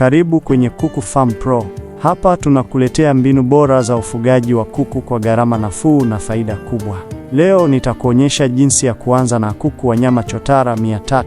Karibu kwenye Kuku Farm Pro. Hapa tunakuletea mbinu bora za ufugaji wa kuku kwa gharama nafuu na faida kubwa. Leo nitakuonyesha jinsi ya kuanza na kuku wa nyama chotara 300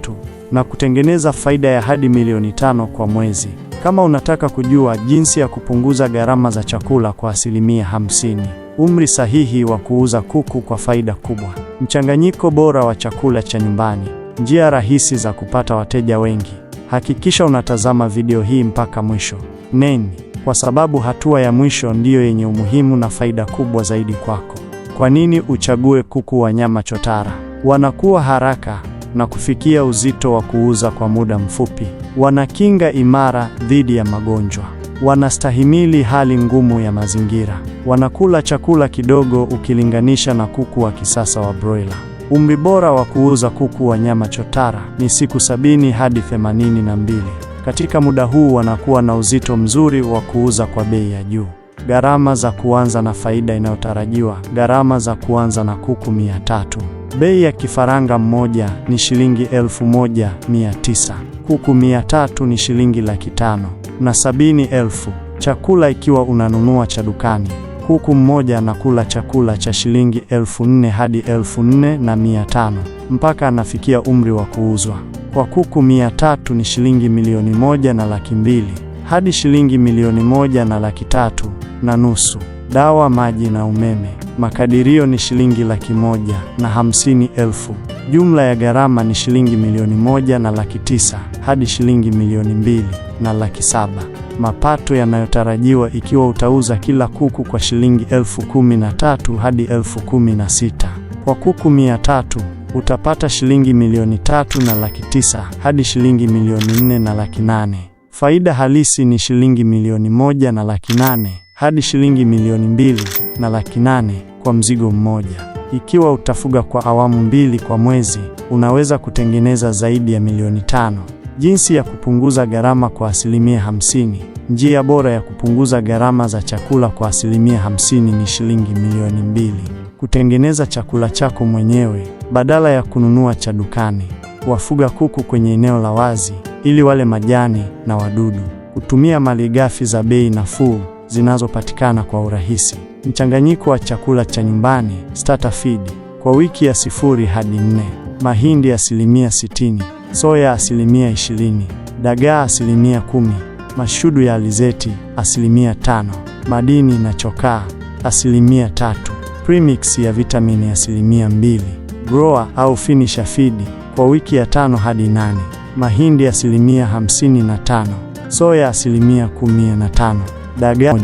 na kutengeneza faida ya hadi milioni tano kwa mwezi. Kama unataka kujua jinsi ya kupunguza gharama za chakula kwa asilimia 50, umri sahihi wa kuuza kuku kwa faida kubwa, mchanganyiko bora wa chakula cha nyumbani, njia rahisi za kupata wateja wengi Hakikisha unatazama video hii mpaka mwisho. Neni, kwa sababu hatua ya mwisho ndiyo yenye umuhimu na faida kubwa zaidi kwako. Kwa nini uchague kuku wa nyama chotara? Wanakuwa haraka na kufikia uzito wa kuuza kwa muda mfupi. Wana kinga imara dhidi ya magonjwa. Wanastahimili hali ngumu ya mazingira. Wanakula chakula kidogo ukilinganisha na kuku wa kisasa wa broiler. Umri bora wa kuuza kuku wa nyama chotara ni siku sabini hadi themanini na mbili. Katika muda huu wanakuwa na uzito mzuri wa kuuza kwa bei ya juu. Gharama za kuanza na faida inayotarajiwa. Gharama za kuanza na kuku mia tatu. Bei ya kifaranga mmoja ni shilingi elfu moja mia tisa. Kuku mia tatu ni shilingi laki tano na sabini elfu. Chakula ikiwa unanunua cha dukani kuku mmoja anakula chakula cha shilingi elfu nne hadi elfu nne na mia tano mpaka anafikia umri wa kuuzwa. Kwa kuku mia tatu ni shilingi milioni moja na laki mbili hadi shilingi milioni moja na laki tatu na nusu. Dawa, maji na umeme makadirio ni shilingi laki moja na hamsini elfu. Jumla ya gharama ni shilingi milioni moja na laki tisa hadi shilingi milioni mbili na laki saba. Mapato yanayotarajiwa ikiwa utauza kila kuku kwa shilingi elfu kumi na tatu hadi elfu kumi na sita. Kwa kuku mia tatu utapata shilingi milioni tatu na laki tisa hadi shilingi milioni nne na laki nane. Faida halisi ni shilingi milioni moja na laki nane hadi shilingi milioni mbili na laki nane kwa mzigo mmoja. Ikiwa utafuga kwa awamu mbili kwa mwezi, unaweza kutengeneza zaidi ya milioni tano. Jinsi ya kupunguza gharama kwa asilimia hamsini. Njia bora ya kupunguza gharama za chakula kwa asilimia hamsini ni shilingi milioni mbili. Kutengeneza chakula chako mwenyewe badala ya kununua cha dukani. Wafuga kuku kwenye eneo la wazi ili wale majani na wadudu. Kutumia malighafi za bei nafuu zinazopatikana kwa urahisi. Mchanganyiko wa chakula cha nyumbani starter feed kwa wiki ya sifuri hadi nne. Mahindi asilimia sitini soya asilimia ishirini, dagaa asilimia kumi, mashudu ya alizeti asilimia tano, madini na chokaa asilimia tatu, premix ya vitamini asilimia mbili, grower au finisher feed kwa wiki ya tano hadi nane, mahindi asilimia hamsini na tano, soya asilimia kumi na tano, dagaa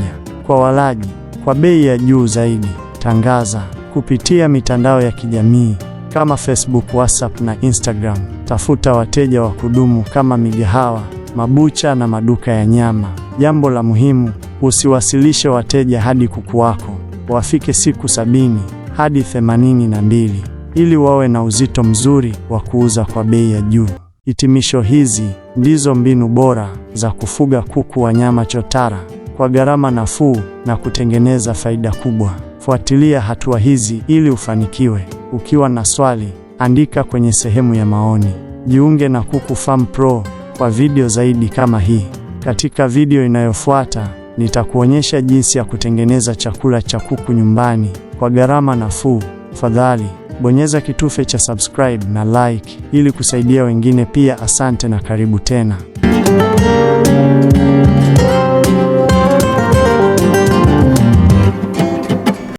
kwa walaji kwa bei ya juu zaidi. Tangaza kupitia mitandao ya kijamii kama Facebook, WhatsApp na Instagram. Tafuta wateja wa kudumu kama migahawa, mabucha na maduka ya nyama. Jambo la muhimu, usiwasilishe wateja hadi kuku wako wafike siku sabini hadi themanini na mbili ili wawe na uzito mzuri wa kuuza kwa bei ya juu. Hitimisho, hizi ndizo mbinu bora za kufuga kuku wa nyama chotara kwa gharama nafuu na kutengeneza faida kubwa. Fuatilia hatua hizi ili ufanikiwe. Ukiwa na swali, andika kwenye sehemu ya maoni. Jiunge na Kuku Farm Pro kwa video zaidi kama hii. Katika video inayofuata, nitakuonyesha jinsi ya kutengeneza chakula cha kuku nyumbani kwa gharama nafuu. Tafadhali bonyeza kitufe cha subscribe na like ili kusaidia wengine pia. Asante na karibu tena.